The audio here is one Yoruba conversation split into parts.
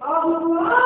啊我怎么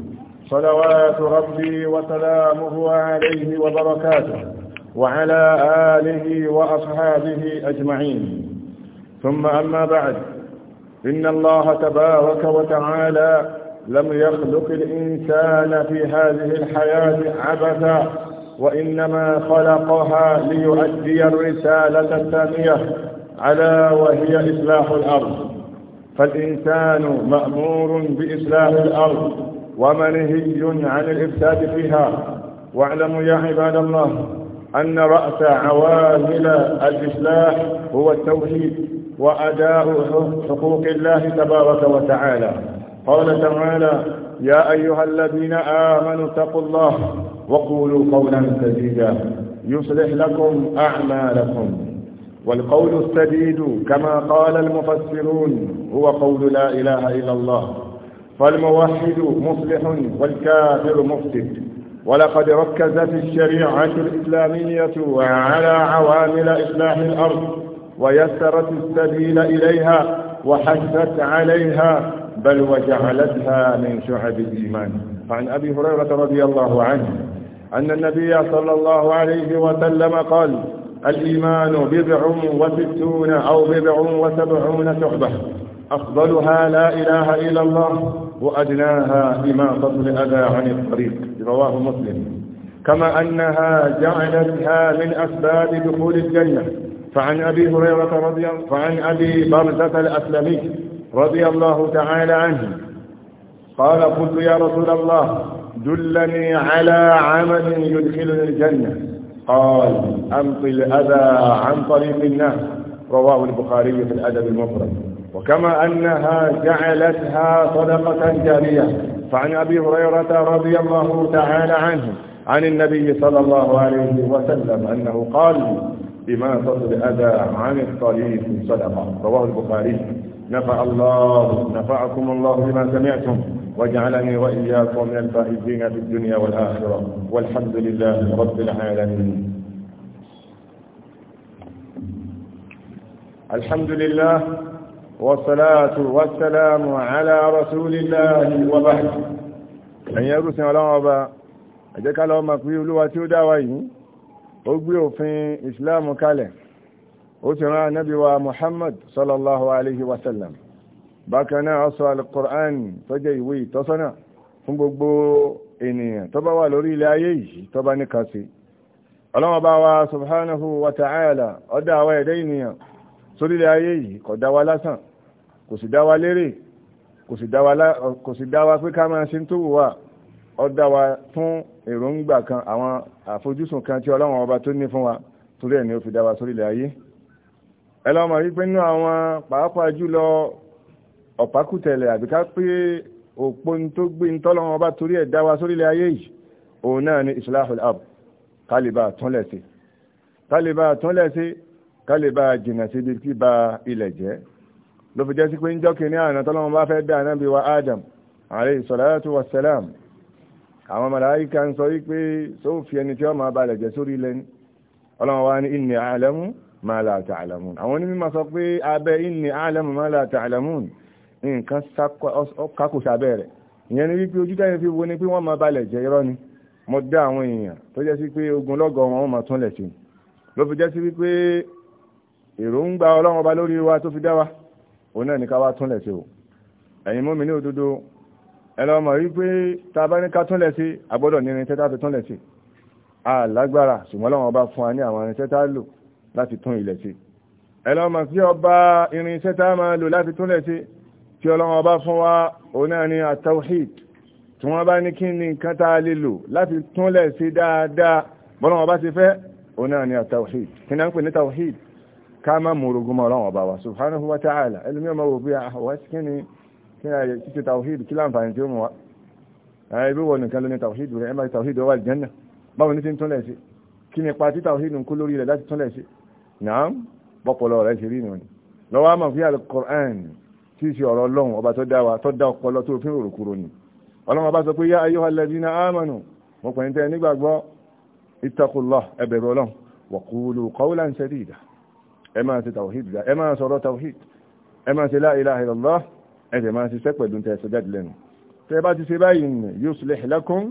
صلوات ربي وسلامه عليه وبركاته وعلى آله وأصحابه أجمعين ثم أما بعد إن الله تبارك وتعالى لم يخلق الإنسان في هذه الحياة عبثا وإنما خلقها ليؤدي الرسالة الثانية على وهي إصلاح الأرض فالإنسان مأمور بإصلاح الأرض ومنهي عن الإفساد فيها واعلموا يا عباد الله أن رأس عوامل الإصلاح هو التوحيد وأداء حقوق الله تبارك وتعالى قال تعالى يا أيها الذين آمنوا اتقوا الله وقولوا قولا سديدا يصلح لكم أعمالكم والقول السديد كما قال المفسرون هو قول لا إله إلا الله فالموحد مصلح والكافر مفسد ولقد ركزت الشريعة الإسلامية على عوامل إصلاح الأرض ويسرت السبيل إليها وحثت عليها بل وجعلتها من شعب الإيمان فعن أبي هريرة رضي الله عنه أن النبي صلى الله عليه وسلم قال الإيمان بضع وستون أو بضع وسبعون شعبة أفضلها لا إله إلا الله وأدناها إماطة الأذى عن الطريق رواه مسلم كما أنها جعلتها من أسباب دخول الجنة فعن أبي هريرة رضي فعن أبي برزة الأسلمي رضي الله تعالى عنه قال قلت يا رسول الله دلني على عمل يدخلني الجنة قال أمطي الأذى عن طريق الناس رواه البخاري في الأدب المفرد وكما أنها جعلتها صدقة جارية فعن أبي هريرة رضي الله تعالى عنه عن النبي صلى الله عليه وسلم أنه قال بما تصل أذى عن الطريق صدقة رواه البخاري نفع الله نفعكم الله بما سمعتم وجعلني وإياكم من الفائزين في الدنيا والآخرة والحمد لله رب العالمين الحمد لله والصلاة والسلام على رسول الله وبعد أن يرسل الله وبا أجاك الله مكوي لواتي وداوي أقبي في إسلام كاله وسمع نبي محمد صلى الله عليه وسلم بكنا أصوى القرآن فجيوي تصنع فم gbogbo ènìyàn tó bá wà lórí ilẹ̀ ayé yìí tó bá níkà sí ọlọ́wọ́ bá wa subhanahu wa ta'ala kò sì dá wa lérè kò sì dá wa pé ká máa ṣe ń tó wù wá ó dá wa fún èròǹgbà kan àwọn àfojúsùn kan tí ọlọ́run ọba tó ní fún wa torí ẹ̀ ni ó fi dá wa sórí ilẹ̀ ayé ẹ lọ́ mọ̀ wípé nínú àwọn pàápàá jùlọ ọ̀pákùtẹ̀lẹ̀ àbíká pé òpó tó gbé ń tọ́lọ́run ọba torí ẹ̀ dá wa sórí ilẹ̀ ayé yìí òun náà ni islahul ab kálíbà túnlẹ̀ sí kálíbà túnlẹ̀ sí kálíbà jìnà síbi kí ba ilẹ̀ jẹ́ ló fi jẹ́ sí pé ń jọ́kì ní àrùn tọ́lọ́wọ́n bá fẹ́ dá ànábì wa Adam alayhi salatu wa salam àwọn màláíkà ń sọ wípé sófì ẹni tí ó máa balẹ̀ jẹ́ sórí ilẹ̀ ní ọlọ́wọ́n wa ní inni a'lamu ma la ta'lamun àwọn onímọ̀ sọ pé abẹ́ inni a'lamu ma la ta'lamun nǹkan kákò sábẹ́ rẹ̀ ìyẹn ni wípé ojú lórí wa tó fi dá òun náà ní ká wá túnlẹ̀ sí o ẹ̀yin mọ́mi ní òdodo ẹlọ mọ̀ wípé ta bá ní ká túnlẹ̀ sí agbọ́dọ̀ ní irinṣẹ́ tá fi túnlẹ̀ sí alágbára ṣùgbọ́n lọ́wọ́ bá fún wa ní àwọn irinṣẹ́ tá lò láti tún ilẹ̀ sí ẹlọ mọ̀ sí ọba irinṣẹ́ tá máa lò láti túnlẹ̀ sí ká má mú orogún mọ́ ọlọ́run ọba wa subhanahu wa ta'ala ẹlùmí ọmọ wò bí ah, àwọn kí ni kí ni àyè títí tawhid kí láǹfààní tí ó mú wa ẹbí ah, wọ nìkan ló ní tawhid rẹ ẹ má tawhid ọwà ìjẹ́nà báwo ní ti ń túnlẹ̀ sí kí ni pa tí tawhid ń kó lórí rẹ̀ láti túnlẹ̀ sí náà bọ́pọ̀lọ rẹ̀ ṣe rí nù ni lọ́wọ́ àmọ̀ fi al-Qur'an tí í ṣe ọ̀rọ̀ ọlọ́run ọba tó dá wa tó dá ọpọlọ tó fi ń ni ọlọ́run ọba sọ pé yá ayyuhal ladhina amanu mo pẹ̀lú tẹ́ nígbàgbọ́ ittaqullah ẹ bẹ̀rù ọlọ́run wa qulu qawlan sadida ẹ máa ṣe tawhid ẹ máa sọ̀rọ̀ tawhid ẹ máa ṣe la ilaha illallah ẹ̀jẹ̀ máa ṣiṣẹ́ pẹ̀lú tẹ́ ṣe jáde lẹ́nu tẹ́ bá ti ṣe báyìí nì yuslih lakum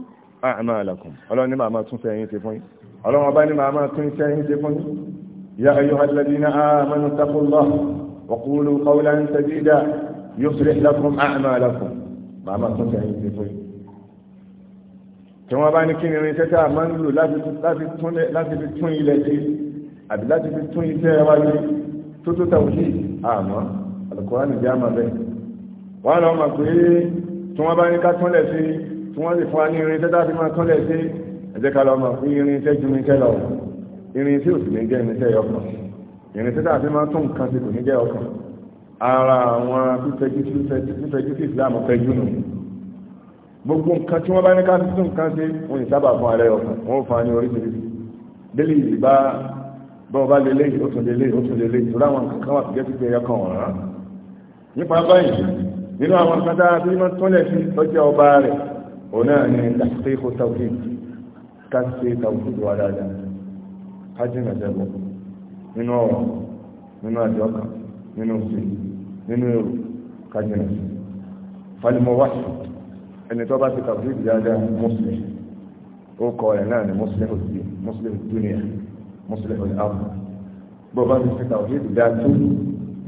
a'malakum ọlọ́run ní màá máa tún fẹ́ yín ṣe fún yín ọlọ́run ọba ní màá máa tún iṣẹ́ yín ṣe fún yín ya ayyuhal ladhina amanu taqullaha wa qulu qawlan sadida fẹ́ yín ṣe fún yín àbí láti fi tún iṣẹ́ wáyé tó tó tàwùjí àmọ́ alùkùránì jẹ́ àmà bẹ́ẹ̀ wọ́n lọ mọ̀ pé tí wọ́n bá ní ká túnlẹ̀ sí tí wọ́n sì fún wa ní irinṣẹ́ láti máa túnlẹ̀ sí ẹ̀jẹ̀ ká lọ mọ̀ fún irinṣẹ́ ju irinṣẹ́ lọ irinṣẹ́ òsì ní jẹ́ irinṣẹ́ ọkàn irinṣẹ́ láti máa tún nǹkan sí kò ní jẹ́ ọkàn ara àwọn fífẹ́jú sí Islam fẹ́jú nù gbogbo nǹkan tí wọ́n bá ní ká tún nǹkan sí wọn ì sábà fún alẹ́ ọkàn wọn fún wa ní oríṣiríṣi bọ́ọ̀ bá lélẹ̀ yìí ó tún lélẹ̀ yìí ó tún lélẹ̀ yìí tó láwọn kankan wà tìjẹ́ tìjẹ́ ẹ̀yọkan ọ̀ràn nípa báyìí nínú àwọn kátà tí wọ́n tọ́lẹ̀ sí ọjọ́ ọba rẹ̀ òun náà ni tàṣí kó tàwí tàṣí tàwí wà dáadáa kájínà jẹ́bọ̀ nínú ọ̀rọ̀ nínú àjọ kan nínú òsì nínú èrò kájínà sí falimọ̀ wáṣí ẹni tó bá ti tàwí dáadáa mùsùlùmí ó kọ ẹ̀ náà ni mùsùlùmí dúnìyà mùsùlùmí ní àwọn bó bá ti fi tàwíìdì dá tó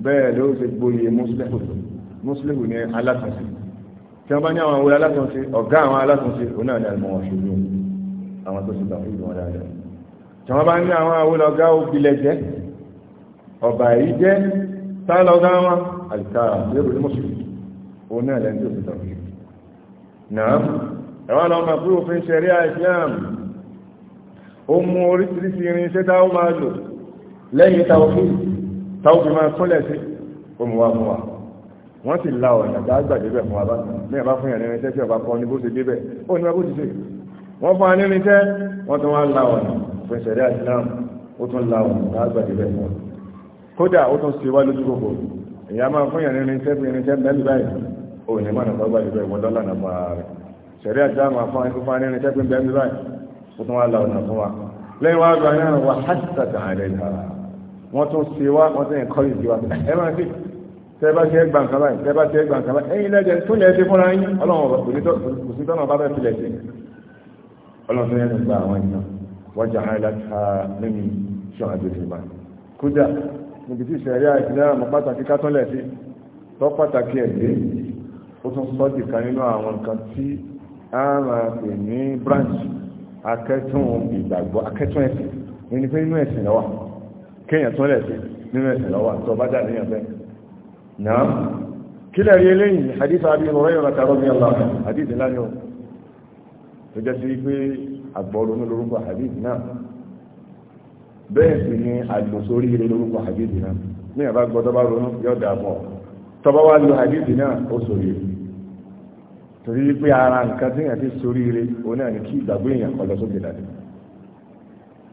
bẹ́ẹ̀ ló ṣe gboyè mùsùlùmí ní alátúnṣe tí wọ́n bá ní àwọn àwọn alátúnṣe ọ̀gá àwọn alátúnṣe òun náà ní àlùmọ̀ ọ̀ṣọ́jú àwọn tó ṣe tàwíìdì wọn dáadáa tí wọ́n bá ní àwọn àwọn ọ̀gá òbílẹ̀ jẹ́ ọ̀bà yìí jẹ́ ó mú oríṣiríṣi irinṣẹ́ tá ó máa lò lẹ́yìn tàwọ́fí tàwọ́fí máa kúnlẹ̀ sí òmùwà fún wa wọ́n sì la ọ̀nà tá a gbà débẹ̀ fún wa bá mẹ́rin bá fún yàn nínú tí ọba kọ́ ní bó ṣe débẹ̀ ó ní bó ti ṣe wọ́n fún wa nínú iṣẹ́ wọ́n tún wá la ọ̀nà fún ìṣẹ̀lẹ̀ àìsílámù ó tún la ọ̀nà tá a gbà débẹ̀ fún wa kódà ó tún ṣe wá lójú gbogbo ìyá máa fún yàn nínú iṣẹ́ fún yàn nínú iṣẹ́ báyìí ó ó tún wá la ọ̀nà fún wa lẹ́yìn wá gba náà wà hásítàtà àlẹ́ ìhà wọ́n tún ṣe wá wọ́n tún ẹ̀kọ́rì sí wa ẹ máa fi tẹ́ bá ṣe gbà nǹkan báyìí tẹ́ bá ṣe gbà nǹkan báyìí ẹ̀yin lẹ́jẹ̀ tó lẹ́ ṣe fúnra yín ọlọ́run kò sí tọ́nà bá fẹ́ filẹ̀ sí ọlọ́run tó yẹn ti gba àwọn ènìyàn wọ́n jà á láta mímu ṣọ́ àdéhùn bá kódà níbi tí ìṣẹ̀rí àìsílára mọ̀ pàtàkì kátọ́lẹ̀ sí tọ́ pàtàkì ẹ̀dẹ́ ó tún sọ́dì kan nínú àwọn nǹkan tí a máa pè ní branch akẹ́tún ìgbàgbọ́ akẹ́tún ẹ̀sìn ní pé nínú ẹ̀sìn lọ́wà kéèyàn tún lẹ̀sìn nínú ẹ̀sìn lọ́wà tó bá jáde yàn bẹ́ẹ̀ náà kí lẹ́rí eléyìí hadith abi hurairah rata rọ́bí ọlá hadith ńlá tó jẹ́ sí pé àgbọ̀rún lórúkọ hadith náà bẹ́ẹ̀ sì ni àgbòsórí ilé lórúkọ hadith náà ní ìyàbá gbọ́dọ̀ bá ronú yọ̀dà bọ̀ wá náà ó sòrí torí wípé ara nǹkan tí èèyàn sórí ire òun náà ní kí ìgbàgbé èèyàn kọ lọ sókè dàdé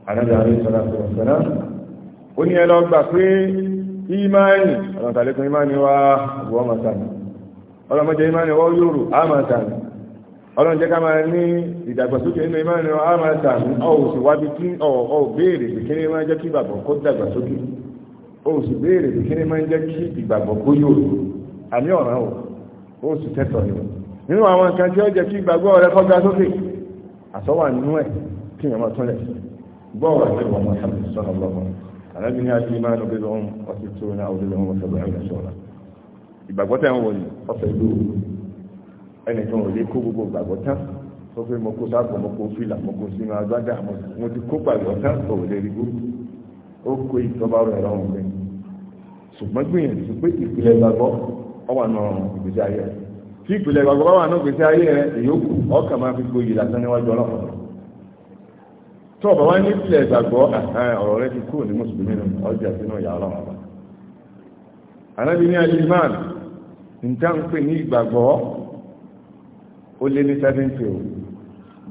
ànábì àrí sọlá sọlá sọlá ó ní ẹ gbà pé ìmáàní ọ̀nà tàlékún ìmáàní wá wọ́n máa sàmì ọlọ́mọdé ìmáàní wọ́n yòrò á máa sàmì ọlọ́run ká máa ní ìdàgbàsókè nínú á máa sì wábi ọ̀ béèrè kí ni máa jẹ́ kí ìgbàgbọ́ kó dàgbàsókè sì béèrè kí ni máa jẹ́ kí ìgbàgbọ́ kó yòrò nínú àwọn nǹkan tí ó jẹ́ kí ìgbàgbọ́ rẹ kọ́gbà sókè àsọ́wà nínú ẹ̀ kí ìyẹn máa túnlẹ̀ gbọ́ọ̀rọ̀ àti wọn Muhammad sallallahu alábi ní àti ìmánu bí lọ́wọ́n ọtí tó ní àwọn olóòwò wọn sọ̀rọ̀ àwọn ìṣọ̀rọ̀ ìgbàgbọ́ tẹ̀ ń wò ní ọ̀fẹ́ ìlú ẹnì kan ò lè kó gbogbo ìgbàgbọ́ tán ó pé mo kó sáàpọ̀ mo kó fìlà mo kó sínú agbádá mo ti kó gbàgbọ́ tán ò lè rí gbó ó kó ìjọba rẹ̀ lọ́rùn mi ṣùgbọ́n gbìyànjú pé ìpìlẹ̀ gbàgbọ́ ọwà náà ìgbésí ayé rẹ̀ tí ìpìlẹ̀ gbàgbọ́ bá wà náà gbèsè ayé rẹ ìyókù ọkàn máa fi gboyè lásán níwájú ọlọ́run tó ọba wá ní ìpìlẹ̀ gbàgbọ́ ọ̀rọ̀ rẹ ti kúrò ní mùsùlùmí nù ọjà sínú ìyá ọlọ́run ọba ànábi ní alimán nǹkan ń pè ní ìgbàgbọ́ ó lé ní seventy o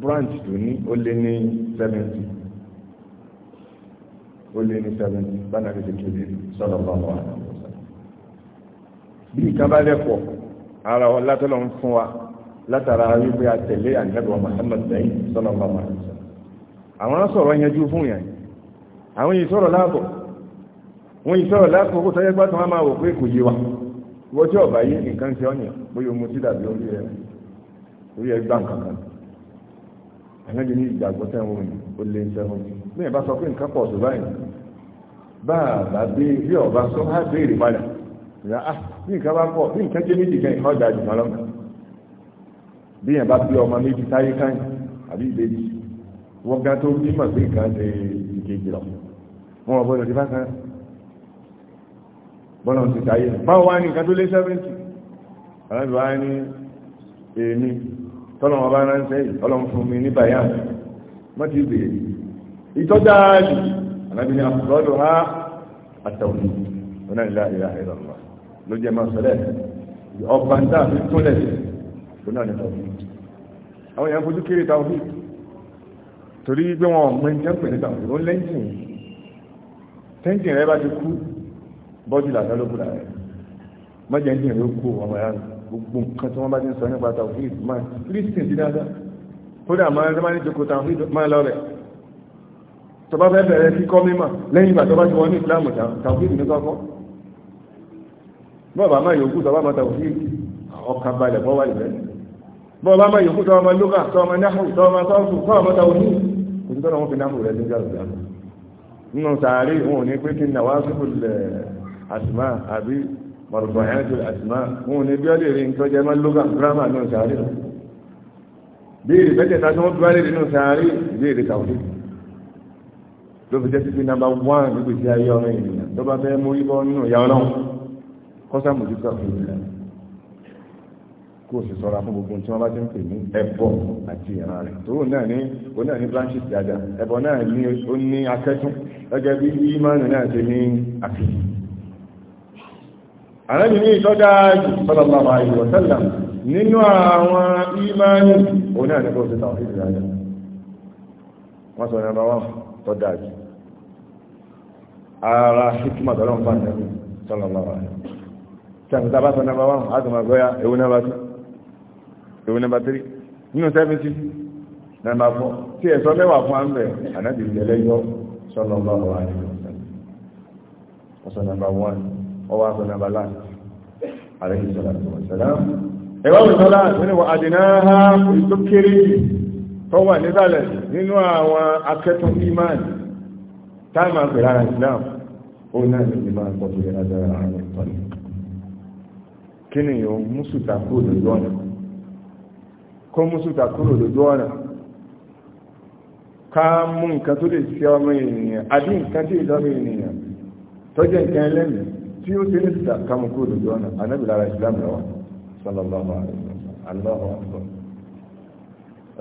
branch tó ní ó lé ní seventy ó lé ní seventy bá nàbẹ̀tẹ̀ kéde sọ́dọ̀ ara wọn látọ́lọ́ ń fún wa látara a tẹ̀lé ànábì wa Muhammad sọ́nà ọba Muhammad àwọn sọ̀rọ̀ yanjú fún yẹn àwọn yìí sọ̀rọ̀ láàbọ̀ wọ́n yìí sọ̀rọ̀ láàkókò tọ́jẹ́ gbátọ̀ wọn máa wò pé kò yé wa wọ́n tí ọ̀bá yé nǹkan ti ọ̀yàn bóyá omi tí dàbí orí orí kan ní ìgbàgbọ́ sẹ́wọ̀n òyìn ó lé sẹ́wọ̀n bí bá sọ pé nǹkan pọ̀ ìyá ah bí nǹkan bá pọ̀ bí nǹkan jẹ́ méjì kan ìkan ọjà jù lọ́mọ bí yẹn bá bí ọmọ méjì táyé káyìn àbí ìbejì wọ́n ga tó bí mọ̀ pé nǹkan ṣe ìkejì lọ wọn ò gbọdọ̀ ti bá kan bọ́lá ti táyé báwo wá ní nǹkan tó lé sẹ́fẹ̀ntì alábi wá ní èmi tọ́lọ̀ wọn bá ha àtàwọn ọ̀nà ìlà ìlà ìlà ọ̀la ló jẹ́ máa sọ̀rẹ́ ọba ń dà fi tó lẹ̀sẹ̀ kò náà ní tọ́fí àwọn èèyàn fojú kéré tọ́fí torí gbé wọn ọmọ ìjẹ́ pè ní tọ́fí ó ń lẹ́yìn tẹ́ǹtì rẹ bá ti kú bọ́dì làtà ló kúra rẹ mọ́jẹ́ ń dín ìwé kú ọmọ ẹ̀yà gbogbo nǹkan tí wọ́n bá ti ń sọ nípa tọ́fí máa kírísítì sí dáadáa kódà máa ń sẹ́mánì tó kó tọ́fí máa lọ rẹ̀ tọ́ba fẹ́ bẹ̀rẹ̀ kíkọ́ mímọ̀ lẹ́yìn ìgbà tó ti wọ́n ní ìsìlámù tàwọn fíìmù ní bọ́ọ̀bá máa yòókù tọ́ bá máa tàwọn fíìlì ọkàn balẹ̀ bọ́ wà ìbẹ́ bọ́ọ̀bá máa yòókù tọ́ ọmọ lókà tọ́ ọmọ náhù tọ́ ọmọ sọ́ọ̀fù tọ́ ọmọ tàwọn fíìlì kò sí tọ́nà wọn fi náhù rẹ̀ nígbà rẹ̀ nínú sàárè wọn ò ní pé kí n nàwá sí fúlẹ̀ eh, àtìmá àbí mọ̀rùbọ̀ ẹ̀ tó àtìmá wọn ò ní máa lókà gírámà nínú sàárè wọ́n fi nínú sàárè béèrè tàwọn ló fi jẹ́ sí pé nàmbà wán nígbèsí ayé ọmọ ènìyàn tó bá fẹ́ mú ibọ́ nínú ìyá ọlọ́run kọ́sá mojútó àfihàn rẹ̀ kó o sì sọ̀rọ̀ fún gbogbo tí wọ́n bá ti ń pè ní ẹbọ àti ìran rẹ̀ tó náà ní o náà ní branches dada ẹbọ náà ní ó ní akẹ́tún gẹ́gẹ́ bí ìmánu náà ti ní àfihàn. àrẹ́bí ní ìtọ́jà sallallahu alaihi wa sallam nínú àwọn ìmánu o náà ní kó o sì sọ̀rọ̀ fún dada wọ́n sọ nàbà wọn tọ́jà jù ara hikima tọ́lọ́ sallallahu alaihi wa sàmì tá a bá sọ nàbà wàhùn á tó máa gbọ́yà ewu nàbà tó ewu nàbà tírì nínú sẹ́fìtì nàbà fọ tí ẹ̀sọ́ mẹ́wàá fún àmbẹ̀ ànábì ìjẹlẹ̀ yọ sọ́nà ọba ọba àdìgbò ọ̀sán nàbà wọn ọwọ́ àsọ nàbà láàrín àrẹ́yìn sọ́nà ọba sẹ́lá ẹ̀wọ́n mi sọ́lá nínú àdìnà ha tó kéré tó wà nísàlẹ̀ nínú àwọn akẹ́tọ̀ ìmáàn táìmù àpẹ̀lára ìsìlámù ó náà ní ìmáàn pọ̀ tó yẹ lágbára àwọn ìtọ́ni kí ni yóò mùsùtà kúrò lójú ọ̀nà kó mùsùtà kúrò lójú ọ̀nà ká mú nǹkan tó lè ṣe ọmọ ènìyàn àbí nǹkan tí ìlọ́mọ ènìyàn tó jẹ́ nǹkan ẹlẹ́mìí tí ó ṣe ní sùtà ká mú kúrò lójú ọ̀nà anábìlára islam lọ́wọ́ sallallahu alaihi wasallam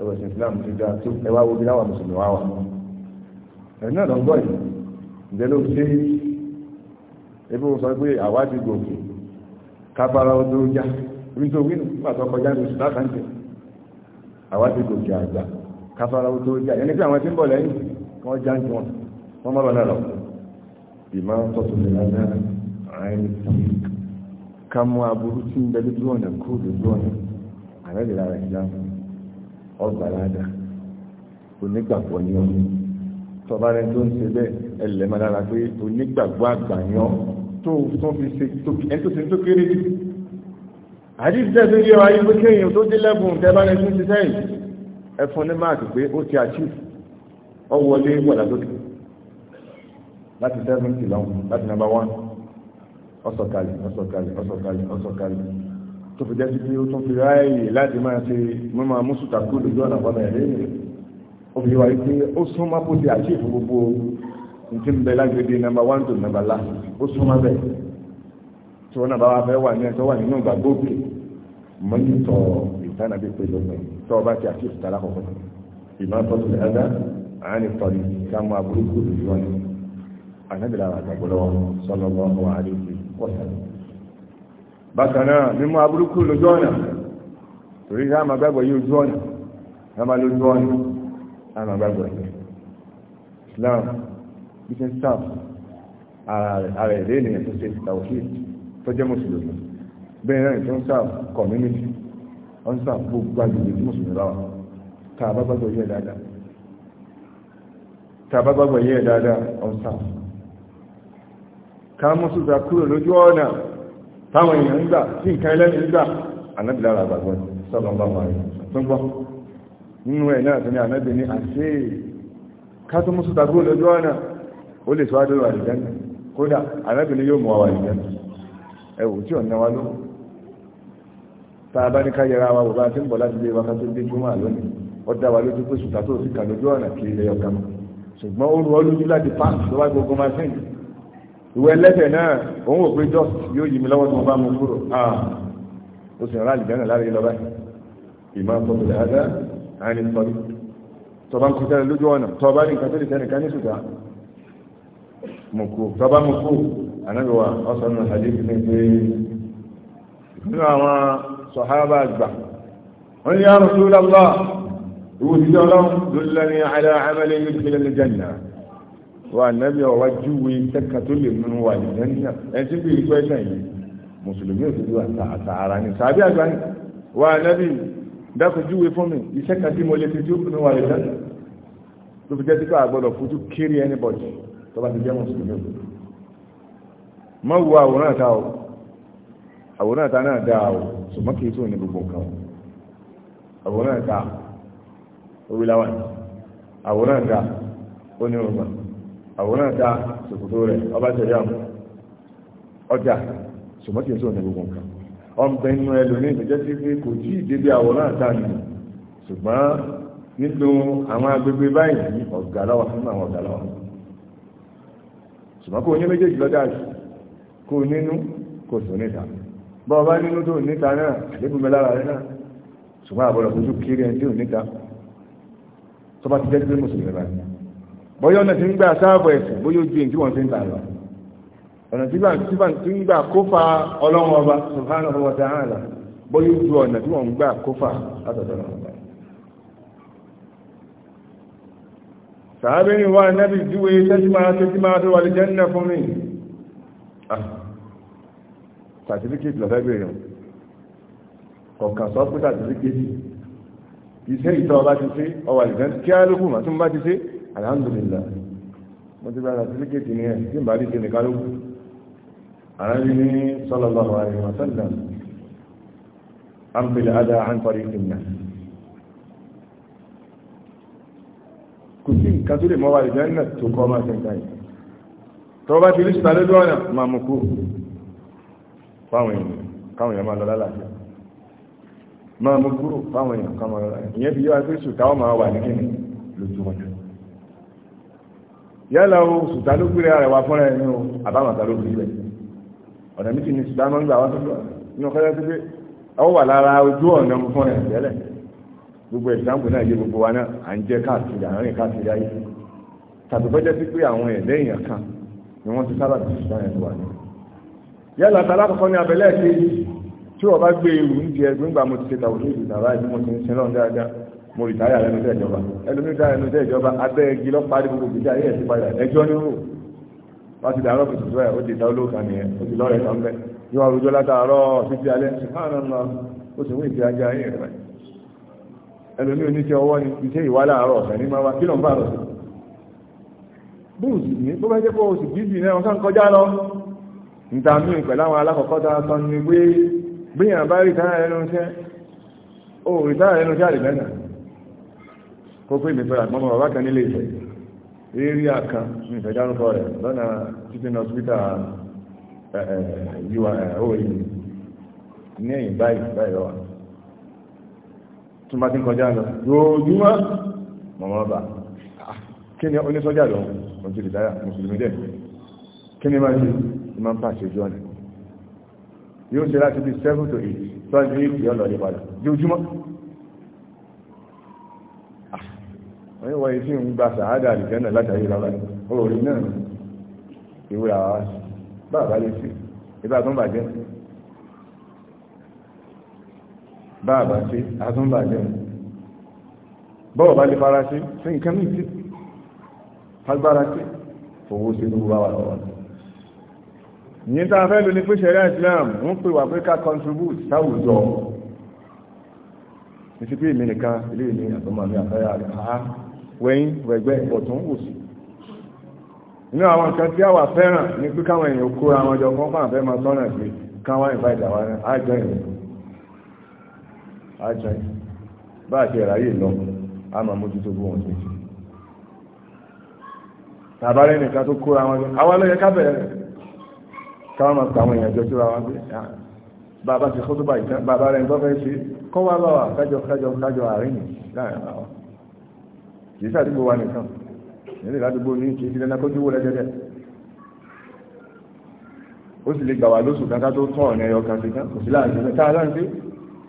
ẹwọ̀ sí islam ti dá tó ẹwà wo bí láwọn mùsùlùmí wá wà ẹ̀rí náà lọ́gbọ́n yìí ǹjẹ́ ló ṣe sọ pé àwa ti kábára ọdún ọjà nítorí wínú pàtó kọjá ní oṣù látàǹtẹ̀ àwọn ti gòkè àgbà kábára ọdún ọjà yẹn ni pé àwọn tí ń bọ̀ lẹ́yìn kan já ń wọn wọ́n má lọ́nà lọ ìmọ̀ tọ́tù lè lọ́nà àárín tàbí ká mú aburú tí ń bẹ lójú ọ̀nà kú lójú ọ̀nà ààrẹ lè lára ìjà ọgbà ládà onígbàgbọ́ ni ọ tọ́ba rẹ tó ń ṣe bẹ́ẹ̀ ẹlẹ́mọ̀ lára tó tó fi ṣe ẹ̀ntòsí tó kéré jù àdíṣẹ́ tó rí ọ ayé pé kéèyàn tó dé lẹ́bùn tẹ́bánẹ́ tó ti sẹ́yìn ẹfún ní máàkì pé ó ti achieve ọ wọlé wọ̀dà lókè láti seventy lọ́wọ́ láti number one ọ̀sọ̀kalẹ̀ ọ̀sọ̀kalẹ̀ ọ̀sọ̀kalẹ̀ ọ̀sọ̀kalẹ̀ tó fi jẹ́ sí pé ó tún fi ráàyè láti máa ṣe mímọ amúsùtàkù lójú ọ̀nà ọ̀nà ẹ̀rẹ́ ó fi wáyé pé ó sún mápò ti achieve gbogbo ntí ń bẹ lágbègbè nàmbà wán tó nàmbà lá ó súnmọ́ bẹ́ẹ̀ tí wọ́n náà bá wà fẹ́ wà ní ẹ̀tọ́ wà nínú ìgbàgbọ́ òkè mọ́nítọ̀ ìtànàbí pé lọ́gbẹ̀ tó ọba ti àti ìfìtà lákọ̀ọ́kọ́ ìmọ̀ tọ́tù ẹ̀dá àárín tọ́lì ká mú aburúkú lójú wọn ànábìlà àgbàgbọ́ lọ́wọ́ sọ́nà ọgbọ́n wà á rí ibi wọ́sàn. bákan náà mímú aburúkú lójú ọ̀nà torí ká máa gbàgbọ́ yí ojú ọ̀nà ká máa lójú ọ̀nà ká máa gbàgbọ́ yí. Islam bí ṣe ń a ara ẹ̀ lẹ́yìn ènìyàn tó ṣe tàwọ́sí tó jẹ́ mùsùlùmí bẹ́ẹ̀ náà tó ń sáàbù community ó ń sáàbù gbogbo agbègbè tí mùsùlùmí bá wà tá a bá gbàgbọ́ yẹ dáadáa tá a bá gbàgbọ́ yẹ dáadáa ó ń sáàbù ká mùsùlùmí kúrò lójú ọ̀nà táwọn èèyàn ń gbà sí nǹkan ẹlẹ́yìn ń gbà ànábìlára àgbàgbọ́ sọ́dọ̀ ń bá wà yìí tó ń gbọ́ nínú ẹ̀ ó lè sọ́wádé wà lè dáná kódà arábìnrin yóò mú wa lè dáná tí ò ní wa ló tá a bá ní ká yẹra wa wò bá ti ń bọ̀ láti lé wákàtí dé júmọ́ lónìí ó dá wa lójú pé sùtà tó sì kà lójú ọ̀nà kiri ilẹ̀ ọ̀gá mọ́ ṣùgbọ́n ó rú ọ lójú láti páàkì tó wá gbogbo máa sìn ìwé ẹlẹ́sẹ̀ náà òun ò pé dust yóò yí mi lọ́wọ́ tí bá mú kúrò ó sì rán àlìjáná lára yìí lọ́ba ìmọ̀ àkọsílẹ̀ àdá àní sọ́ọ́lì tọ́ba ń kọjá lójú ọ̀nà tọ́ba ní nǹkan tó ní sùtà mùkú tọ́ba mùkú ànábì wa ọ̀sán náà hadith ní pé nínú àwọn sọ̀hábà àgbà wọ́n ní ya Rasulullah ìwò sí ọlọ́run dullani ala amalin yudkhiluni janna wa ànábì ọ̀wá júwe kẹ́kà tó lè mú wà ní jẹ́nà ẹ̀ tí bí ìgbẹ́ náà yìí mùsùlùmí ò tóbi àtàrà ni sàbí àgbà ni wa ànábì dákun júwe fún mi iṣẹ́ kan tí mo lè fi tí ó kùnú lè jẹ́nà tó fi jẹ́ sí pé àgbọ̀dọ̀ fojú kéré ẹni tó bá ti jẹ́ mùsùlùmí o má wo àwòrán ta o àwòrán ta náà dáa o ṣùgbọ́n kì í tó ní gbogbo nǹkan o àwòrán ta orí láwà ní àwòrán ta ó ní ọgbà àwòrán ta ṣòkòtò rẹ̀ ọba tẹ̀lé àwọn ọjà ṣùgbọ́n kì í tó ní gbogbo nǹkan ọ̀nbẹ inú ẹlòmíì tó jẹ́ sí pé kò tí ì débi àwòrán ta nù ṣùgbọ́n nínú àwọn agbègbè báyìí ọ̀gá láwà fún àwọn ọ̀gá láwà fún ṣùgbọ́n kò ní méjèèjì lọ́dà sí kò nínú kò sùn níta bọ́ ọba nínú tó níta náà lébùn mi lára rẹ náà ṣùgbọ́n àbọ̀rọ̀ fojú kiri ẹni tí ò níta tó bá ti jẹ́ pé mùsùlùmí bá ní bóyá ọ̀nà tí ń gbà sáàbọ̀ ẹ̀sìn bóyá ojú èyí tí wọ́n ti ń ta lọ ọ̀nà tí bá ti ń gbà kófà ọlọ́run ọba subhanahu ọ̀nà tí wọ́n ń gbà sàábé ni wà nábi júwe tẹ́sí máa tẹ́ sí máa tó wà lè jẹ́nà fún mi sàtífíkètì lọ́fẹ́ bèèrè kọ̀ọ̀kan sọ pé sàtífíkètì iṣẹ́ ìtọ́ ọba ti ṣe ọwà lè jẹ́nà kí á lókù mà tún bá ti ṣe alhamdulillah mo ti bá sàtífíkètì ni ẹ̀ tí n bá ṣe nìkan lókù àrábí ní sallallahu alaihi wa sallam àmpèlè nǹkan tó lè mọ́ wa ìjẹ́ náà tó kọ́ máa tẹ̀ka yìí tó bá ti rí síta lójú ọ̀nà máa mú kú fáwọn èèyàn káwọn èèyàn máa lọ lálàáfíà máa mú kúrò fáwọn èèyàn káwọn máa lọ lálàáfíà ìyẹn fi yọ wá pé sùtá ọ̀ máa wà ní kíni lójú wọn yálà o sùtá ló gbére ara wa fúnra ẹni o àbámọ̀tá ló gbére ọ̀nà méjì ni sùtá máa ń gbà wá sọ́dọ̀ ní ọkọ̀ yẹn ti pé ọ wà lára ojú ọ̀nà fúnra ẹ̀ tẹ́lẹ̀ gbogbo ìsàmù náà yé gbogbo wa náà à ń jẹ́ káàkiri àárín káàkiri ayé tàbí bọ́jẹ́ sí pé àwọn ẹ̀dẹ́ èèyàn kan ni wọ́n ti sábà ti sùn láyé wa ní. yálà tá alákọ̀ọ́kọ́ ní abẹ́lẹ́ kejì tí wọ́n bá gbé ewu ní ti ẹgbẹ́ ńgbà mo ti ṣe tàwọn olóògbé tàbá ìdí mo ti ń sin lọ́n dáadáa mo rì táyà lẹ́nu tẹ́ ìjọba ẹlòmíì táyà lẹ́nu tẹ́ ìjọba abẹ́ igi lọ́pàá gbogbo gbèjà ayé ẹ̀ ti elu oníṣẹ́ ọwọ́ ni iṣẹ́ ìwà láàárọ̀ ọ̀sẹ̀ ní máa wá kí ló ń bá rọ̀ sí bóòsì ní bó bá jẹ́ oṣù bíbí náà wọ́n lọ níta míì pẹ̀lú àwọn ta sọ ni pé bíyàn bá rí táyà ẹnu iṣẹ́ ó rí táyà ẹnu iṣẹ́ àdìmẹ́nà kó pé mi pẹ̀lú àgbọ̀n bàbá kan nílé ìfẹ́ eré àkàn dárúkọ rẹ̀ lọ́nà títí tó bá ti ń kọjá lọ lójúmọ́ mọ̀mọ́ bá ah, kí ni onísọ́jà lọ wọ́n ti lè dára mùsùlùmí dẹ̀ kí ni máa ṣe ti máa ń pàṣẹ ojú ọ̀nà yóò ṣe láti bí seven to eight tó ń rí ìyọ́ lọ lè padà lójúmọ́ ah, wọ́n yóò wáyé tí ń gba sàádà àlìjẹ́nà látàrí lọ́la orí náà ìwé àwa bá àbálẹ̀ sí ìbá tó ń bàjẹ́ bá àbá sí àtúnbà jẹun bọ́ọ̀ bá lè fara sí sí nǹkan mí sí agbára sí fòwó sí gbogbo àwọn àwọn ìyẹn tá a fẹ́ lò ní pé ṣẹ̀rẹ́ Islam ń pè wà pé ká contribute sáwùjọ títí pé èmi nìkan ilé ìní àtọ́mọ̀ mi àfẹ́yà rẹ̀ ha wẹ́yìn wẹ̀gbẹ́ ọ̀tún wò sí inú àwọn nǹkan tí a wà fẹ́ràn ní pé káwọn èèyàn kóra wọn jọ kọ́ fún àfẹ́ máa sọ́nà sí káwọn ìbá ìjà á jọ ìrìn àjẹ́ bá àti ẹ̀ráyè lọ a máa mójútó bó wọn ṣe ṣe tàbárẹ́ nìkan tó kóra wọn àwọn ẹlẹ́yẹ kábẹ̀rẹ̀ káwọn máa pa àwọn èèyàn jọ síra wọn pé bàbá ti kótó báyìí tán bàbá rẹ̀ ń gbọ́ fẹ́ ṣe kọ́ wá bá wà kájọ kájọ kájọ àárín láàrin àwọn kì í sàdúgbò wa nìkan nílẹ̀ ládùúgbò ní kì í ti lẹ́nà kójú wó lẹ́jẹ́dẹ́ ó sì lè gbà wà lóṣù kan ká tó tọ́ ọ̀nà ẹyọ kan sí kan kò sí láàrin tá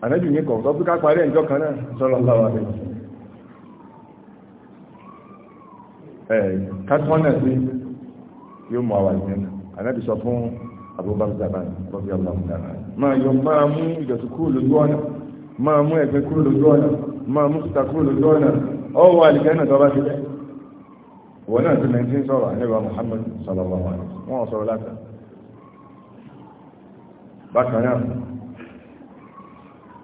ànábì mi kọ̀ sọ pé ká parí ẹ̀jọ́ kan náà sọ́lọ́ láwà rẹ̀ ẹ̀ kátọ́nà sí yóò mú àwọn ìjẹun ànábì sọ fún Abubakar zaban rọ́bì ọlọ́mùdára máa yọ máa mú ìdọ̀tí kúrò lójú ọ̀nà máa mú ẹ̀gbẹ́ kúrò lójú ọ̀nà máa mú kúta kúrò lójú Muhammad sallallahu alaihi wasallam wọ́n sọ̀rọ̀ látà bákan náà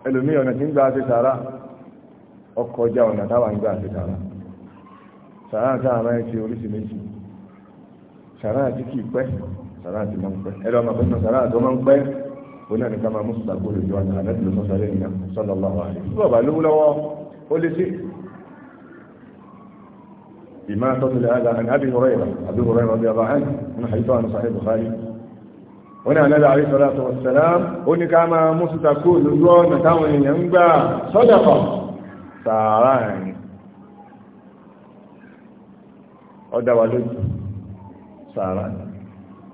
ẹlòmí ọ̀nà tí ń gba ṣe sàárà ọkọ̀ ọjà ọ̀nà táwa ń gba ṣe sàárà sàárà táwa máa ń ṣe oríṣi méjì sàárà tí kì í pẹ́ sàárà tí máa ń pẹ́ ẹlọ́ máa pẹ́ sàárà tó máa ń pẹ́ ó náà ní ká máa mú sàkó lójú ọ̀nà àlẹ́tì ló sọ́sọ́ lé nìyà sọ́lọ́ lọ́wọ́ àlẹ́ bí bàbá lówó lọ́wọ́ ó lé sí ìmáa tọ́tulẹ̀ àgbà wọ́n ní àlẹ́lẹ́ àríṣọ́lá tó sẹ̀lám ó ní ká máa mú síta kó lójú ọ̀nà táwọn èèyàn ń gbà sọ́dọ̀kọ̀ sàárà ẹ̀yìn ọ̀dà wà lójú sàárà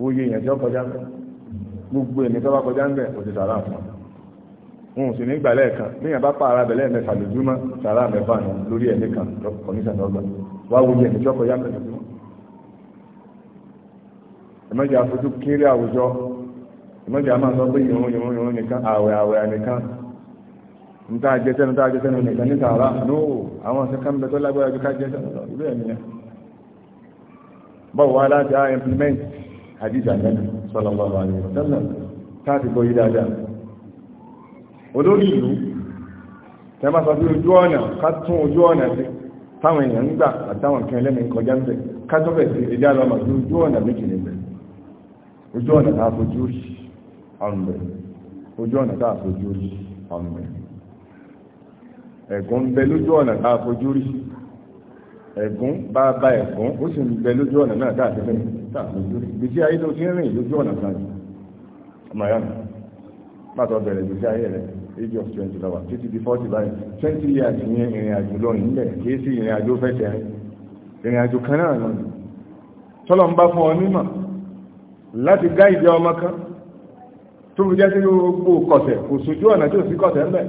oyè èèyàn tí ó kọjá bẹ́ẹ̀ gbogbo èèyàn tó bá kọjá ń bẹ̀ kò ti sàárà fún un sì ní gbà lẹ́ẹ̀kan níyàn bá pa ara bẹ̀ lójúmọ́ sàárà mẹ́fà ni lórí ẹ̀mí kan kọ̀míṣà tó gbà wá oyè èèyàn tí ó kọjá bẹ̀ lójúmọ́ ẹ̀mẹ́jọ àfojú kéré àwùjọ mọ́jà máa sọ pé ìrún ìrún ìrún nìkan àwẹ̀ àwẹ̀ nìkan ń tá jẹ́sẹ́nu tá jẹ́sẹ́nu nìkan ní tààrà nóò àwọn ṣẹ́kàn bẹ tó lágbára jù ká jẹ́sẹ́nu lọ ìlú ẹ̀mí ni bọ́ọ̀ wá á implement hadith àgbẹ̀nu sallallahu alaihi wasallam káàtì bọ́ yí dáadáa olórí ìlú tẹ́ máa sọ pé ojú ọ̀nà ká tún ojú ọ̀nà sí táwọn èèyàn ń gbà àtàwọn kan ẹlẹ́mìí kọjá ń bẹ̀ ọ̀nbẹ̀ ojú ọ̀nà tá fojú rí ọ̀nbẹ̀ ẹ̀gún ekun bẹ lójú ọ̀nà belujona na fojú rí ẹ̀gún bá bá ẹ̀gún ó sì ń bẹ lójú ọ̀nà náà fojú rí tí ayé tó ti rìn lójú ọ̀nà kan ọmọ pàtó bẹ̀rẹ̀ tí ayé rẹ̀ age of twenty lọ́wọ́ títí di forty báyìí twenty years ní ìrìn àjò lọ́rùn nílẹ̀ kìí sí ìrìn àjò ìrìn àjò kan náà lọ́nà tọ́lọ́ ń kan tó fi jẹ́ sí gbogbo kọ̀tẹ̀ kò sójú ọ̀nà tí ò sí kọ̀tẹ̀ ńbẹ̀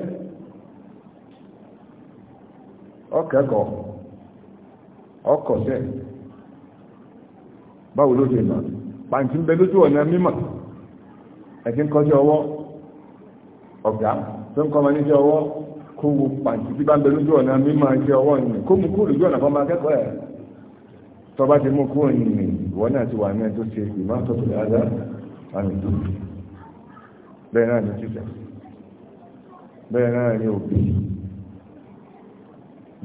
ọkẹ́kọ̀ọ́ ọkọ̀tẹ̀ báwo ló ṣe mọ̀ pàǹtí ń bẹ lójú ọ̀nà mímọ̀ ẹ̀kí kọjá ọwọ́ ọ̀gá tó ń kọ́ ọmọ níjẹ́ ọwọ́ kó wo pàǹtí tí bá ń bẹ lójú ọ̀nà mímọ̀ ọwọ́ kó mú kúrò lójú ọ̀nà ẹ̀ tọ́ba ti mú kúrò ìwọ náà ti wà ní ẹ̀ tó ṣe ìmọ̀ bẹ́ẹ̀ náà ni títà bẹ́ẹ̀ náà ni òbí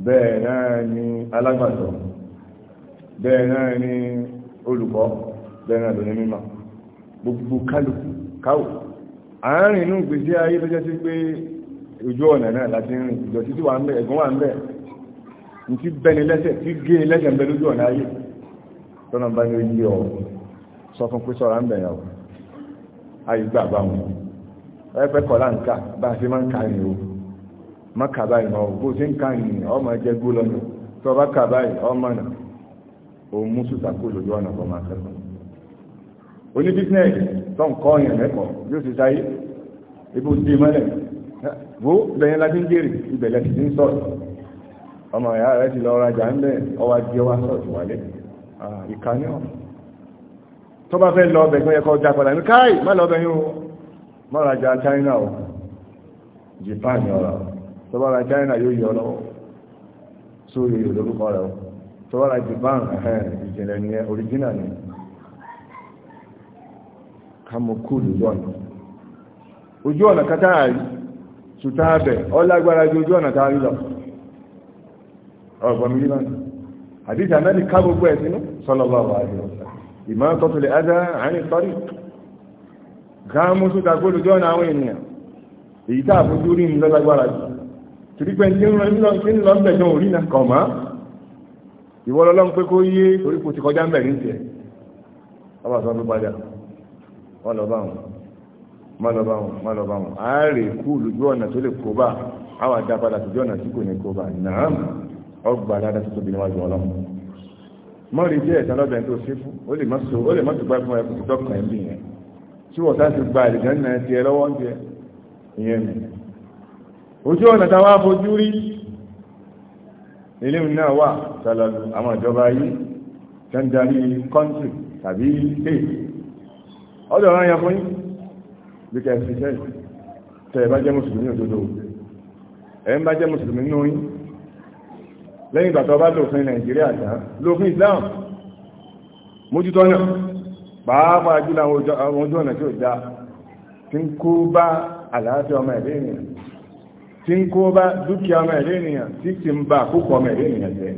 bẹ́ẹ̀ náà ni alágbàtọ́ bẹ́ẹ̀ náà ni olùkọ́ bẹ́ẹ̀ náà lóní mímọ̀ gbogbo àárín inú gbèsè ayé tó jẹ́ sí pé ojú ọ̀nà náà láti rìn ìjọ títí wà ń ọ sọ fún pé sọ̀rọ̀ ń bẹ̀yàwó ayé wọn ẹ̀fẹ́ kọ̀lá nǹka bá fi máa ń ka ìrìn o má kà báyìí mọ́ bó ti ń ka ìrìn ọmọ ẹjẹ́ gbó lọ́nà tó bá kà báyìí ọmọ nà ó mú sùtà kó lójú ọ̀nà ọmọ akẹ́kọ̀ọ́ oní bísínẹ́ẹ̀sì tó ń kọ́ ọ̀yàn lẹ́kọ̀ọ́ yóò ti sáyé ibi òsì mọ́lẹ̀ wo bẹ̀yẹn la ti ń jèrè ibẹ̀lẹ̀ ti ń sọ̀rọ̀ ọmọ ìyá rẹ ti lọ rajà ń bẹ̀ ọwá jẹ́ wá mọ́rajà China o Japan ọ̀rọ̀ tọ́bára China yóò yọ lọ́wọ́ sórí olórúkọ rẹ̀ o tọ́bára Japan ìjìnlẹ̀ ni ẹ oríjínà ni kamokulu lọ́nà ojú ọ̀nà kátàrí ṣùtá abẹ̀ ọlágbára ju ojú ọ̀nà tààrí lọ ọ̀gbọ̀n mílíọ̀n àdíjà náà ni ká gbogbo ẹ̀ sínú sallallahu alaihi wasallam ìmọ̀ tọ́tulẹ̀ adá àárín gáàmúsù tagbólu jọ́nà àwọn ènìyàn èyí tá àfojú rí ní lọ́lágbára jù torí pé tí ń lọ sí lọ́ńbẹ̀ jọ orí náà kàn má ìwọ lọ́lọ́run pé kó yé torí kò ti kọjá ń bẹ̀rẹ̀ ń tiẹ̀ ọba sọ fún padà wọn lọ bá wọn má lọ bá wọn má lọ bá wọn á rè kú lójú ọ̀nà tó lè kó bá àwọn àdá mọ́rin jẹ́ ẹ̀sán tó ṣe ó lè má tó fún ẹkùn tó kàn ẹ́ bì tí wọ́n sáà ti gba àdìgán náà ti ẹ lọ́wọ́ ń tiẹ̀ ìyẹn mi ojú ọ̀nà táwọn afojú rí ilé náà wà sàlọ̀lù àwọn ìjọba yìí tó ń darí kọ́ńtì tàbí state ọdọ̀ ọ̀rọ̀ yẹn fún yín bí kẹ́ ẹ ti sẹ́yìn tẹ́ ẹ bá jẹ́ mùsùlùmí òdodo ẹ ń bá jẹ́ mùsùlùmí nínú yín lẹ́yìn ìgbà tó bá lòfin nàìjíríà tán lòfin islam mójútó náà pàápàá jùlọ àwọn ojú ọ̀nà tí ó já tí ń kó bá àlàáfíà ọmọ ẹ̀dẹ́ ènìyàn tí ń kó bá dúkìá ọmọ ẹ̀dẹ́ ènìyàn tí ti ń bá àkókò ọmọ ẹ̀dẹ́ ènìyàn jẹ́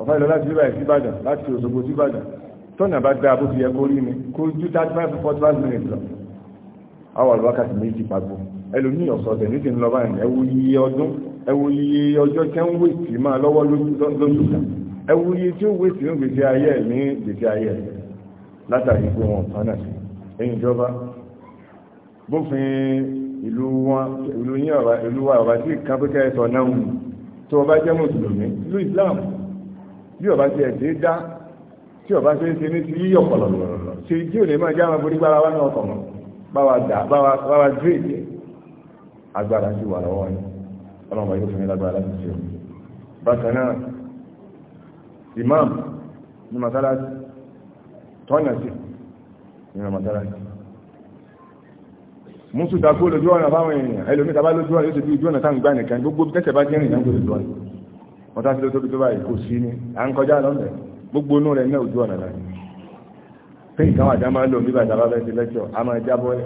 ọ̀fà ìlọ láti bíbáyìí sí Ìbàdàn láti Òṣogbo sí Ìbàdàn tọ́nà bá dáa bó fi yẹ kó rí mi kó ju 35-45 minutes lọ àwọn àlùwákàtí méjì pàgbọ́ ẹlòmíì ọ̀sọ̀ọ̀sẹ̀ ní ti ń lọ báyìí ẹwu iye ọdún ẹwu iye ọjọ́ látàrí pé wọn tán náà ẹ̀yìn ìjọba bófin ìlú wọn ìlú yín ọ̀rá ìlú wa ọ̀rá sí kan pé kẹ́ẹ̀sọ̀ náà wù tó ọba jẹ́ mùsùlùmí ìlú Islam bí ọba ti ẹ̀sẹ̀ dá tí ọba ṣe ń ṣe ní ti yíyọ̀ pọ̀lọ̀lọ̀lọ̀ ṣe tí ò lè máa jáwọn borí bára wá náà kọ̀mọ̀ báwa dà báwa gírèjì agbára sí wà lọ́wọ́ ni ọlọ́mọ yóò fún mi lágbára láti ṣe o bákan náà imam ní masalasi tọ́nà sí ìrìn àmàtàrà mùsùn tàgbó lójú ọ̀nà báwọn èèyàn ẹlòmíta bá lójú ọ̀nà yóò ti bí ojú ọ̀nà táwọn gbà nìkan gbogbo tẹ́sẹ̀ bá jẹ́ ìrìn àgbò lójú ọ̀nà wọ́n tá sí ló tóbi tó báyìí kò sí ní à ń kọjá lọ́nà gbogbo inú rẹ̀ ní ojú ọ̀nà láti pé ìkan àjá máa lò nígbà ìjàmbá bẹ́ẹ̀ ti lẹ́kọ̀ọ́ a máa jábọ́ ẹ̀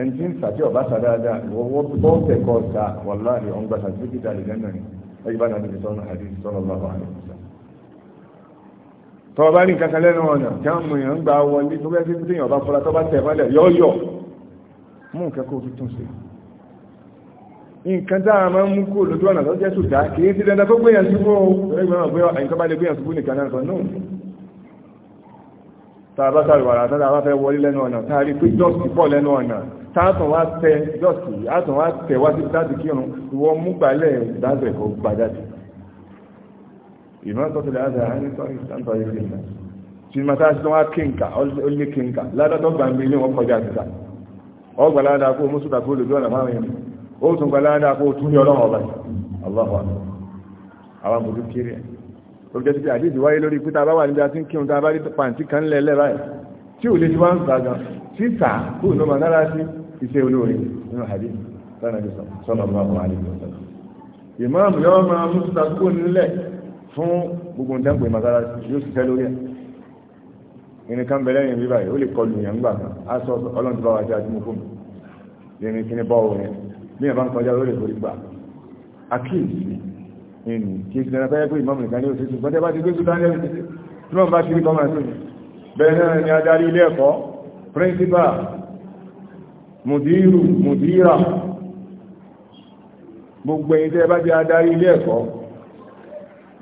ẹni tí ń sàtí ọ̀bá sà dáadáa wọ́n tẹ̀kọ́ sa wàláhì ọ̀ngbà sàtí tọ́wọ́ bá rí nǹkan kan lẹ́nu ọ̀nà tí wọ́n mú èèyàn ń gba wọlé tó bẹ́ẹ̀ sí èèyàn bá fọlá tó bá tẹ̀ mọ́lẹ̀ mú nǹkan kó tuntun ṣe nǹkan tá a máa ń mú kó lójú ọ̀nà tó jẹ́ sùdá kì í ti dandan tó gbéyàn ṣubú ẹgbẹ̀rún ọ̀gbẹ́ àyíká bá lè gbéyàn ṣubú nìkan náà kan náà tá a bá sáré wàrà tá a bá fẹ́ wọlé lẹ́nu ọ̀nà tá a rí pé dọ́ọ̀sì pọ̀ lẹ́nu ọ̀nà tá a tàn wá tẹ dọ́ọ̀sì á tàn wá tẹ̀ wá sí dáàdì kírun ìwọ mú gbalẹ̀ dáàbẹ̀ kó gbàdáàdì ìmọ́tọ́ tó lè áza na sọ́rí sáńtọ́ yìí kìnnà tí mata sí wọ́n kínkà olè Kinka ládàtọ́ gbàmí ilé wọn kọjá àtìsà ọgbà ládà kó mú sùdà kó lòdì ọ̀nà márùn yẹn ó tún gbà ládà kó tún yọ ọlọ́run ọba Allahu akbar àwọn kò tún kéré ó jẹ́ sí àdéhì wáyé lórí pé tá a bá wà níbi àti ń kírun tá a bá rí pàǹtí kan lẹ̀ lẹ́ báyìí tí ti wá ń gbà gan títà kó fún gbogbo nǹkan pè mọ́sálásí yóò ṣiṣẹ́ lórí ẹ̀ irin kan bẹ̀rẹ̀ yìí bíbá yìí ó lè kọlu yẹn ńgbà kan á sọ ọlọ́run tó bá wá sí àdúgbò fún mi irin kí ni bọ́ọ̀ yẹn bí yẹn bá ń kọjá lórí ìforí gbà àkíyèsí ẹni kí n sinara fẹ́ pé ìmọ̀mù nìkan ní oṣù tó gbọ́dẹ́ bá ti gbé sùdán lẹ́yìn tí wọ́n bá ti rí kọ́mọ̀ sí bẹ́ẹ̀ náà ni adarí ilé ẹ̀kọ́ píríncípà mùdírù mùdírà gbogbo ẹ̀yin tẹ́ bá ti adarí ilé ẹ̀kọ́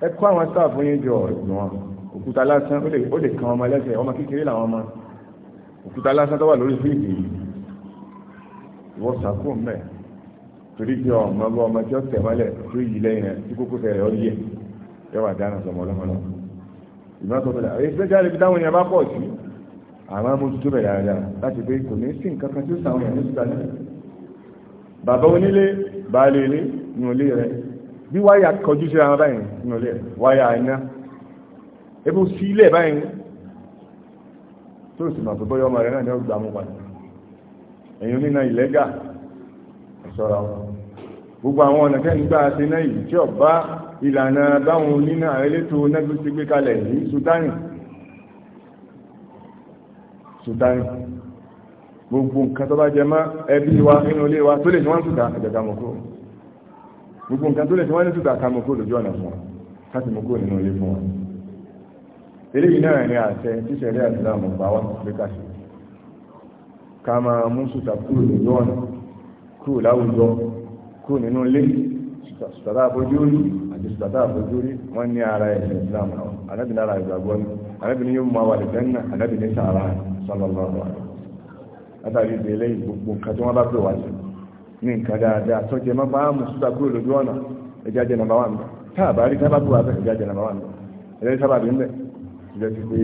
ẹ kó àwọn sáàfù yín jọ ọ̀dùn wọn òkúta lásán ó lè kan ọmọ ẹlẹ́sẹ̀ ọmọ kékeré làwọn ọmọ òkúta lásán tó wà lórí fíìdì yìí ìwọ sàkó mẹ torí pé ọmọ ọmọ ọmọ tí ó tẹ̀ mọ́lẹ̀ tó yí lẹ́yìn rẹ̀ tí kókó fẹ́ rẹ̀ ó yẹ yẹ wà dáná sọmọ ọlọ́mọlọ ìgbọ́n tó bẹ̀rẹ̀ èyí sẹ́jà lè fi yẹn bá pọ̀ sí àmọ́ mo tó bẹ̀rẹ̀ àrẹ láti pé kò ní sí nǹkan kan tí ó sàwọn yẹn ní síta náà bàbá onílé baálé ilé ní olé rẹ̀ bí wáyà kọjú sí ara báyìí nínú ilé wáyà iná ebó sí ilé báyìí tó sì máa bọ́yọ́ ọmọ rẹ̀ náà ní ọgbà mú padà ẹ̀yìn nínú ìlẹ́gà ìṣọ́ra wọn gbogbo àwọn ọ̀nà tẹ́ nígbà àti náà yìí tí ọba ìlànà báwọn onínà elétò nẹ́gbẹ́ ti gbé kalẹ̀ ní sudani sudani gbogbo nǹkan tó bá jẹ mọ́ ẹbí wa nínú ilé wa tó lè ní wọ́n ń sùdá ẹ̀jẹ̀ dàmọ́kọ́ gbogbo nǹkan tó lè tí wọ́n ní tùtà ká mú kó lójú ọ̀nà fún wa káti mú nínú ilé fún wa eléyìí náà ni àṣẹ tíṣẹ̀lẹ̀ àtìláàmù bá wà pé káṣe ká máa mú sùtà kúrò lójú ọ̀nà kúrò láwùjọ kúrò nínú ilé sùtàtà àfojú orí àti sùtàtà àfojú orí wọ́n ní ara ẹ̀sẹ̀ ìsìláàmù náà anábì náà ìgbàgbọ́ ni anábì ní yóò máa wà lẹ́gbẹ́ náà anábì ní sàárà sọlọ́lọ́rọ̀ àtàrí ìdílé gbogbo nǹkan wọ́n bá pè wá sí ní nǹkan dáadáa tó jẹ máa bá mùsùlùmí kúrò lójú ọ̀nà ẹja jẹ nàmbà wàn tá a bá rí sábàbù wà fẹ́ẹ́ ẹja jẹ nàmbà wàn ẹja rí sábàbù ńbẹ ìjọ ti pé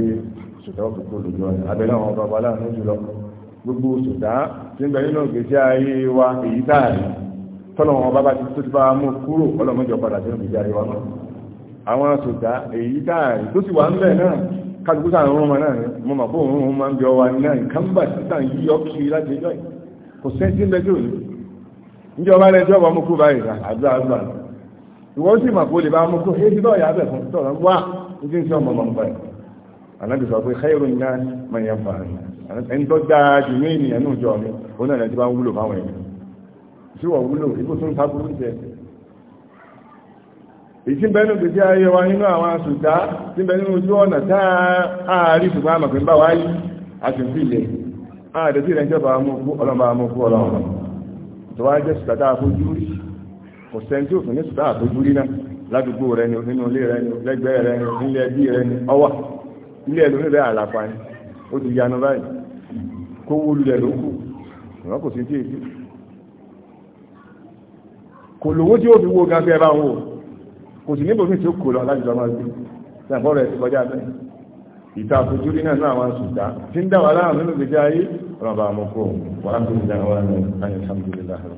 sùtá ó kúrò lójú ọ̀nà abẹ náà wọn bá wà láàánú jùlọ gbogbo sùtá tí ń bẹ nínú ìgbésí ayé wa èyí táàrí tọ́lọ̀ wọn bá bá ti tó ti bá mú kúrò ọlọ́mọjọ padà sínú ìgbésí ayé wa náà àwọn sùtá èyí táàrí tó ti wà ńbẹ náà kálukú sáà ń rún ọmọ náà mo mọ̀ fóun máa ń bí ọwa náà nǹkan bá títà yíyọ́ kiri láti ẹjọ́ yìí kò sẹ́ńtì ń bẹ́jọ́ yìí níjọ́ bá lẹ́jọ́ bá mú kú báyìí àdúrà àdúrà ìwọ sì mà kó lè bá mú kú èyí náà yà bẹ̀ fún tọ̀rọ̀ wá ní ti ń sọ mọ̀mọ́ nípa ẹ̀ ànábì sọ pé xeyìrò ní máa yẹn fà á ẹni tó dáa jù ní ènìyàn ní ìjọ mi òun náà ti bá wúlò fáwọn ènìyàn tí wọ́n wúlò ibò tó ń ta burú jẹ ìsìn bẹ́ẹ̀ nù gbèsè ayé wa nínú àwọn àṣùdá tí bẹ́ẹ̀ nínú ojú ọ̀nà tá a rí ṣùgbọ́n àmọ̀pẹ̀ ń bá wáyé àti ń fi ilé àdètí ìrẹ́jọba amókú ọlọ́mọba amókú tó wá jẹ́ sùtàtà àfojú rí kò sẹ́ni tí òfin ní sùtàtà àfojú rí náà ládùúgbò rẹ ni nínú ilé rẹ ni lẹ́gbẹ̀ẹ́ rẹ ni nílé ẹbí rẹ ni ọwà ilé ẹlòmí rẹ àlàpà ni ó ti yanu báyìí kó wó lulẹ̀ ló ìwọ́n kò sí tí èsì kò lówó tí ó fi wó gan bá wò kò sí níbo mi tí ó kò lọ alájùlọ máa gbé ṣàǹfọ́ rẹ̀ ti kọjá bẹ́ẹ̀ ìta àfojú rí náà náà àwọn sùtà tí ń dá wà láàrin nínú gbèjà ayé ọlọ́ba àmọ́kò wàá tó ìdáwà ní alhamdulillahi